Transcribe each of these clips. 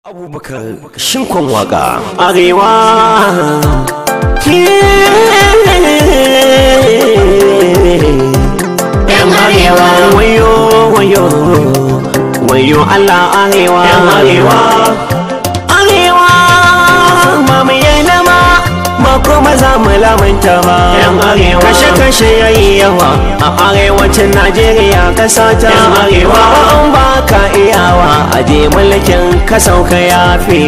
abubakar shinkon waka arewa yan arewa wayo wayo wayo allah arewa yan arewa arewa mamu yana ma ba kuma za mu lamanta ba yan arewa kashe kashe yayi yawa a arewacin najeriya kasa ta arewa an ba ka iya je mulkin ka sauka ya fi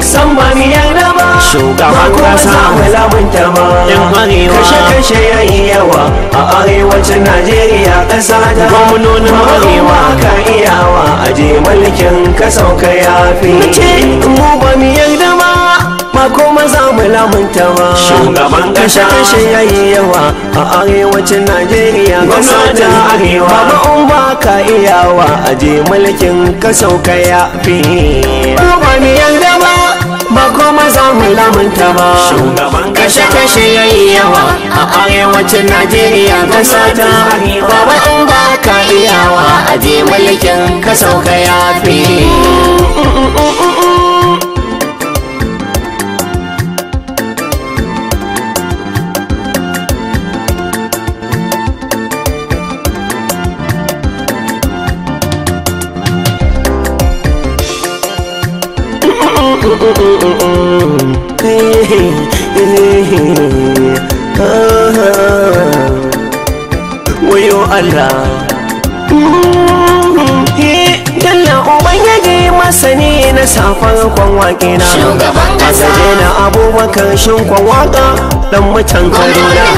san ba mi yarda ba shugaban kasa ba yan arewa kashe kashe ya yi yawa a arewacin najeriya kasa da gwamnonin arewa ka iyawa a je mulkin ka sauka ya fi mu ba mi yarda ba ko maza mu lamunta ba shugaban kashe kashe yayi yawa a arewacin najeriya ga ta arewa ba in ba ka iyawa aje mulkin ka sauka ya fi ba mu yanda ba ba ko maza mu lamunta ba shugaban kashe kashe yayi yawa a arewacin najeriya ga ta arewa ba in ba ka iyawa aje mulkin ka sauka ya fi wayo Allah Dalla Ubangiji masani na safan kwanwake na Shugaban na abubakar shin kwanwaka dan mutan Kaduna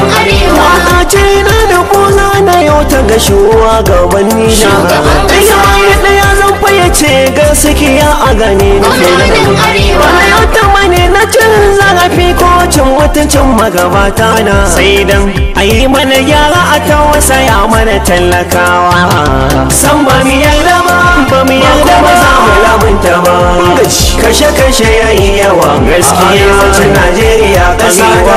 Waka ce na da kuna na yau ta gashuwa gabanni na Shugaban ya ce gaskiya a gani na na cin zarafi ko cin mutuncin magabata na sai dan yi mana yara a tausaya mana talakawa san ba mu yarda ba ba mu yarda kashe-kashe ya yi yawa gaskiya ta najeriya kasewa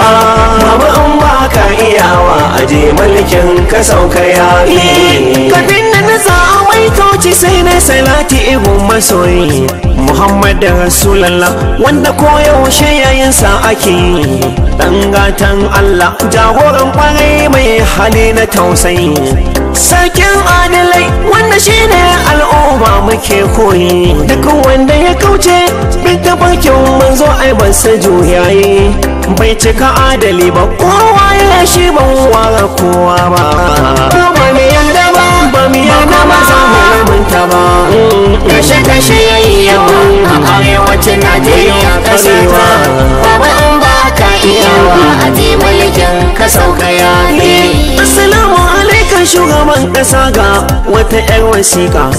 mama an ba ka iyawa aje mulkin ka sauka yaƙi eh, kafin da na za'a mai toci sai na salati ihun masoyi muhammad da rasulallah wanda koyaushe yayinsa ake yi dan gatan allah jagoran kwarai mai hali na tausayi sarkin adalai wanda shi ne. ke koyi duk wanda ya kauce bin mun zo ai ban sa juyaye bai cika adali ba kowa ya shi ban wara kowa ba ba mu yanda ba ba mu yanda ba za mu lamunta ba kashe kashe yayi yawa a arewacin Najeriya kasewa ba an ba ka iyawa a ji mulkin ka ya ne assalamu alaikum shugaban kasa ga wata 'yar wasiƙa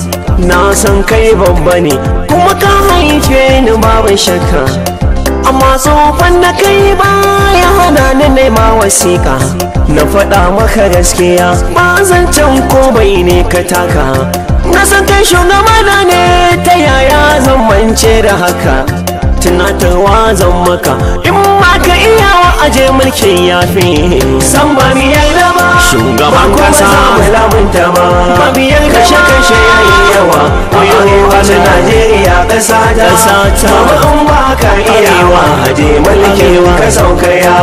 na san kai babba ne kuma ka haife ni babu shakka amma tsofan da kai ba ya hana ni nema wasiƙa na faɗa maka gaskiya ba zan can ko bai ne ka taka na san kai shugabana ne ta yaya zan mance da haka tunatarwa zan maka in ma ka iya aje mulkin yafi san ba mi yarda shugaban kasa mabiyan kashe-kashe ya yi yawa arewa na najeriya kasa ta mama in ba ka iyawa aje mulkin ka sauka ya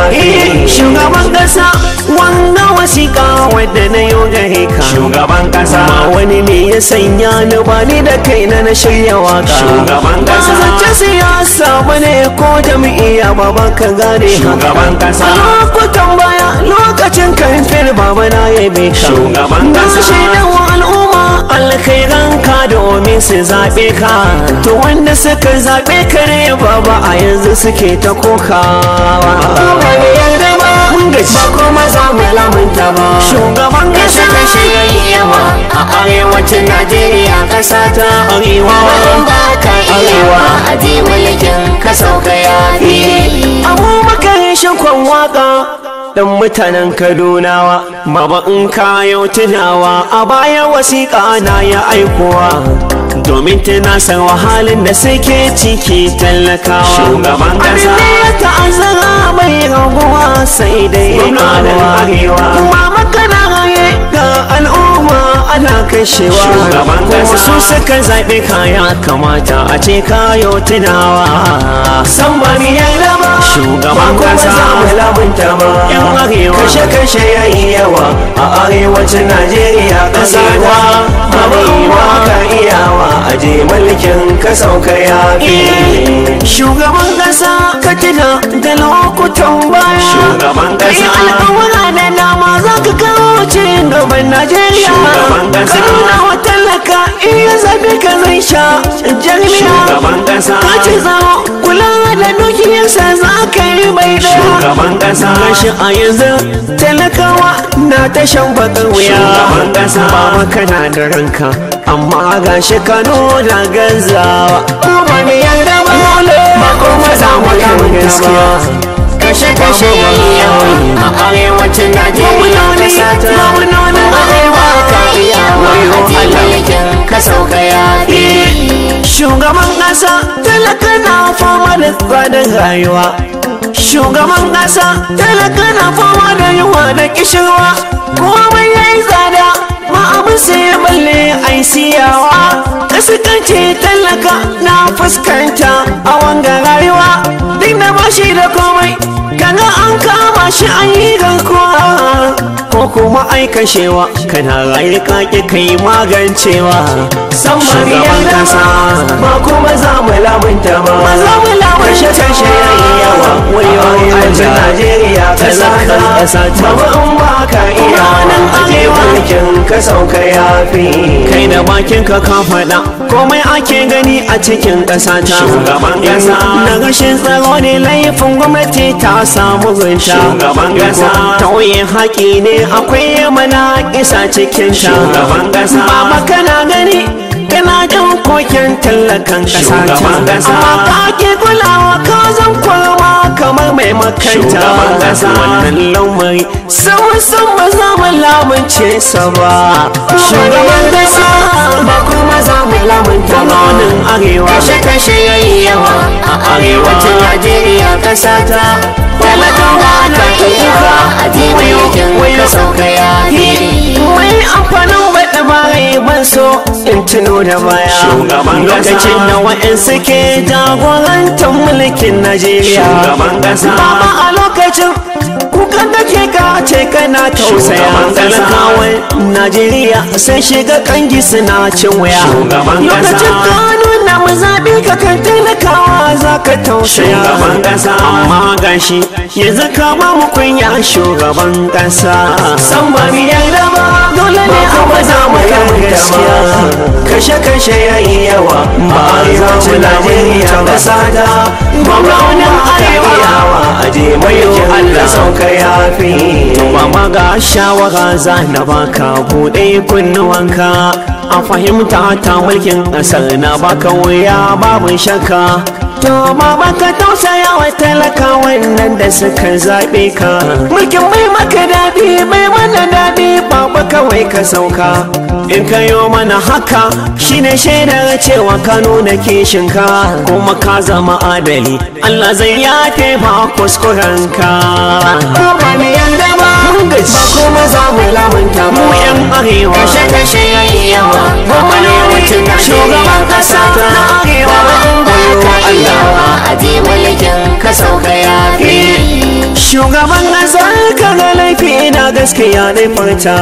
shugaban kasa wanga wasiƙa wadda na yau da heka shugaban kasa wani ne ya sanya ni ba ni da kaina na shirya waka shugaban kasa siyasa bane ko jam'iyya baban ka gane shugaban kasa lokutan baya lokacin fil baba na yabe ka shugaban kasa shaidan wa al'umma alkhairan ka domin su zaɓe ka to wanda suka zaɓe kare baba a yanzu suke ta kokawa mun gaji ba kuma za mu lamunta ba shugaban kasa ta shirya yawa a arewacin najeriya kasa ta arewa wajen ba ka arewa a ji mulkin ka sauka ya fi abubakar shakon waka dan mutanen kadunawa baba in kayo tunawa a baya wasiƙa na ya aikowa domin tana san wahalin da sai ke ciki tallakawa shugaban kasa ya ta'azzara mai raguwa sai dai ya ƙara warewa kashewa kuma su suka zaɓi kaya kamata a ce kayo tunawa san ba ni ya lama shugaban kasa mu labunta ba yan arewa kashe kashe ya yi yawa a arewacin najeriya ta ba mai ka iyawa aje mulkin ka sauka yaƙi eh, shugaban kasa ka tuna da lokutan baya shugaban kasa al'amura da dama za ka kawo ci gaban najeriya Karnawa talaka iya zabi ka zai sha jami'a Ka ci zama kula da dukiyarsa za ka yi bai da Gashi a yanzu talakawa na ta shan bakar wuya Baba kana da ranka amma gashi ka nuna gazawa Kuma mai yarda ba ba kuma za mu kan gaskiya kashe-kashe yayi a arewacin Najeriya da sata ka sauka ya fi. shugaban ƙasa talaka na fama da tsadar rayuwa shugaban ƙasa talaka na fama da yawa da kishirwa komai ya yi tsada ma'amin sai ya balle ai siyawa kasikance talaka na fuskanta a wanga rayuwa duk da bashi da komai kaga an kama shi an yi garkuwa ko kuma ai kashewa kana raye kake kai magancewa san mariyan kasa ba kuma za mu lamunta ba ba za mu lamunta ba kashe yawa wayoyin ajin Najeriya ta saka baba ta ba ka iya nan ajewa kin ka sauka yafi kai da bakin ka ka faɗa komai ake gani a cikin ƙasa ta shugaban ƙasa na gashin tsaro ne laifin gwamnati ta samu gunta shugaban ƙasa haƙi ne akwai yamana isa cikin shugaban kasa mama kana gani kana jan koken tallakan kasa shugaban kasa amma ka kulawa ka zan kamar mai makanta shugaban kasa wannan lamari sun san ba za mu lamunce sa ba shugaban kasa ba kuma za mu lamunta launin arewa kashe-kashe yayi yawa a arewa. arewacin najeriya kasa ta talakawa na kifa a jibiyokin wani sauka ya wani amfanin baɗa barai ban so in tuno da baya shugaban lokacin da wa'in suke jagorantar mulkin najeriya shugaban ƙasa ba a lokacin kukan da ke ka ce kana tausaya talakawan najeriya sai shiga kangi suna cin wuya shugaban kasa lokacin ka nuna mu zaɓi ka kai talakawa za ka tausaya shugaban kasa amma gashi yanzu ka ba mu kunya shugaban kasa san ba mu yarda ba dole ne a za mu gaskiya kashe kashe ya yi yawa ba za mu Najeriya ba sada wani arewa a je mai Allah sauka ba ma ga shawara za na baka buɗe kunnuwanka a fahimta ta mulkin ƙasar na baka wuya babu shakka to mama ka tausaya wa talaka wannan da suka zaɓe ka mulkin mai maka daɗi mai mana daɗi baba kawai ka sauka in ka yi mana haka shine shaidar cewa ka nuna kishinka kuma ka zama adali Allah zai yafe ma kuskurenka ba mu ka ba ba kuma za mu lamunta mu yan arewa kashe kashe yayi yawa ba mu ne shugaban kasa na arewa ka iyawa aji mulkin ka sauka yafi shugaban azar ka ga laifi na gaskiya ne furta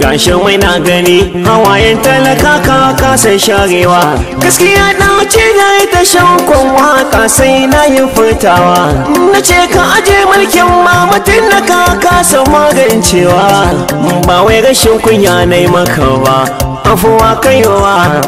gashi mai na gani hawayen talaka ka kasa sharewa gaskiya na ce na yi ta shankon waka sai na yi furtawa na ce ka aje mulkin mamatin na ka san magancewa ba wai rashin kunya na yi maka ba afuwa kaiwa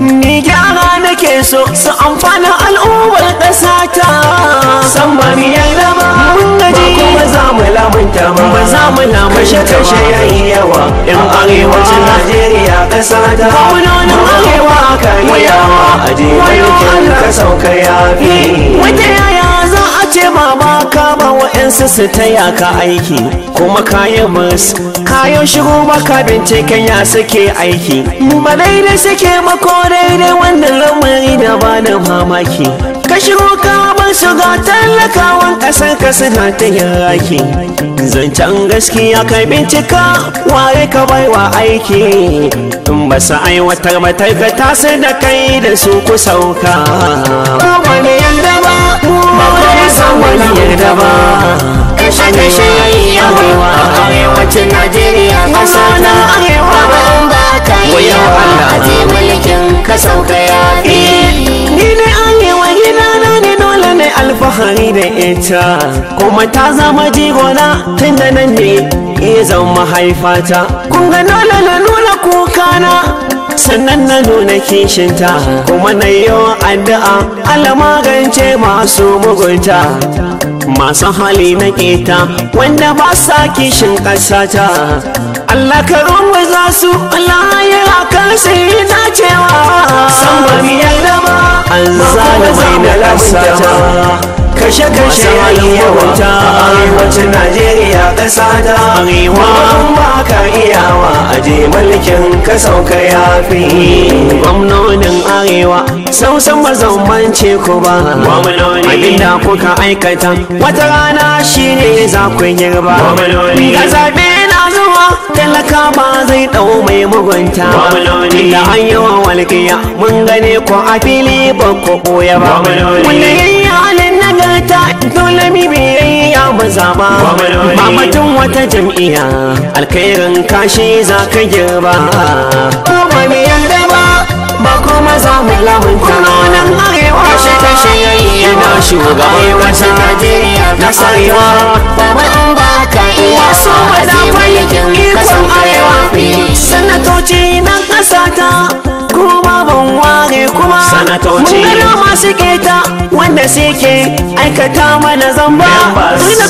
ni gyara nake so su amfana al'ummar ƙasa ta san ba mu yarda ba mun gaji kuma za mu lamunta ba ba za mu lamunta kashe kashe yayi yawa in arewacin Najeriya ƙasa ta gwamnonin arewa kan yawa a jirgin ka sauka fi wata yaya za a ce mama ba wa'yansu su ta yaka aiki kuma kayan musu kayan shigo baka binciken ya suke aiki ba daidai suke mako daidai wannan lamari da ba da mamaki ka shigo ka ban su ga talakawan kasan ka suna ta yaraki zancen gaskiya ka bincika waye ka wa aiki in ba su aiwatar ba tarkata su da kai da su ku sauka ba ne yarda ba mu ba wani yarda ba shaye-shaye yawa a arewacin Najeriya ƙasa na arewa ban ba ka yi yawa a mulkin ka sauka eh, Ni ne arewa gina na ne dole ne alfahari da ita kuma ta zama jigona tun da nan ne iya zama mahaifata. Kun ga dole na nuna kukana sannan na nuna kishinta kuma na yi addu'a ala magance masu mugunta masu hali na keta wanda ba sa kishin ƙasata Allah ka rungu za su alaye a kan na cewa. san ba an yarda mai an na ƙasata kashe kashe ya yi yawanta a arewacin Najeriya ƙasata arewa ba ka iyawa a aje mulkin ka sauka fi. gwamnonin arewa sausan mazamance ku ba abinda kuka aikata wata rana shine za ku girba ga zaɓe na zuwa talaka ba zai ɗau mai mugunta da an wa walƙiya mun gane ku a fili ba ku ɓoye ba wanda yayi halin nagarta dole mi biyayya ba ba mutum wata jam'iyya Alkairin kashi za ka girba ba mu yarda ba maza mai lamun kanonan arewa shi ta shayayya na shugaban wata najeriya na sarewa ba mai an ba ka iya so ba za kwalikin kasan arewa sanatoci mana tauci mun gano masu keta wanda suke aikata mana zamba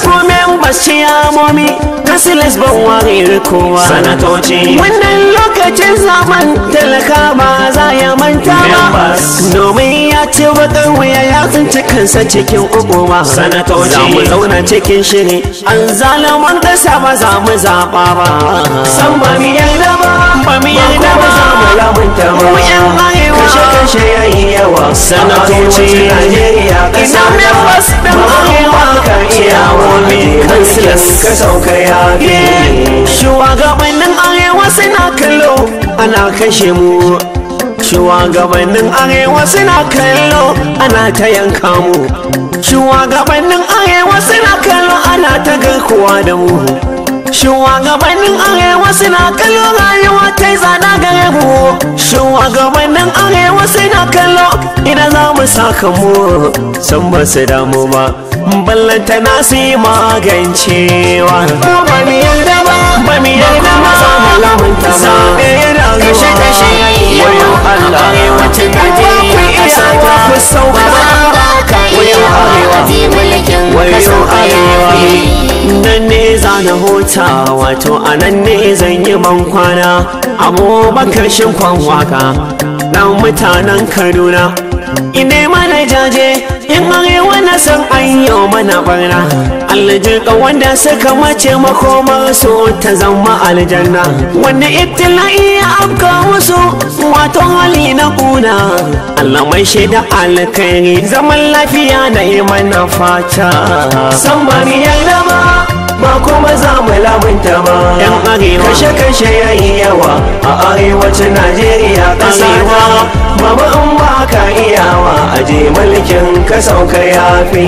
tuna ce ya momi kasilis ban ware rikowa. sanatoci wannan lokacin zaman talaka ba za ya manta ba domin ya ce bakan waya ya tsinci kansa cikin ukuwa sana za mu zauna cikin shiri an zalaman kasa ba za mu zaɓa ba san ba mi yarda ba ba mi yarda ba za mu lamunta ba mu yan arewa kashe kashe ya yi yawa sana kauce Najeriya kasa ba mu arewa ka iya wani kansilas ka sauka ya shugabannin arewa suna kallo ana kashe mu Shuwagabannin arewa suna kallo ana ta yanka mu shuwagabannin arewa suna kallo ana ta garkuwa da mu shuwagabannin arewa suna kallo rayuwa ta yi tsada gare mu Shuwagabannin arewa suna kallo idan za mu saka mu san ba su damu ba ballanta na su yi magancewa ba mu yarda ba hota wato anan ne zan yi ban kwana abubakar shinkwan waka na mutanen kaduna ine mana jaje in arewa na san an mana barna aljirka wanda suka mace makomar su ta zama aljanna wanda ibtila'i ya afka musu wato hali na kuna Allah mai shaida alkhairi zaman lafiya na yi mana fata san ya raba ba kuma za mu lamunta ba kashe kashe ya yi yawa a arewacin najeriya Ba mama in ba ka iyawa je mulkin ka sauka fi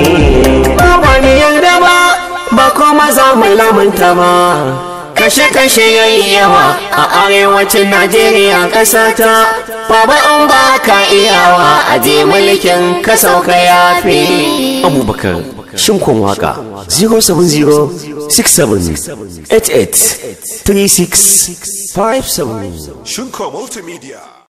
ba ni yarda ba ba kuma za mu lamunta ba kashe-kashe ya yi yawa a arewacin najeriya ƙasa ta baba in ba ka iyawa a je mulkin ka sauka fi abubakar shinkon waka 070 Multimedia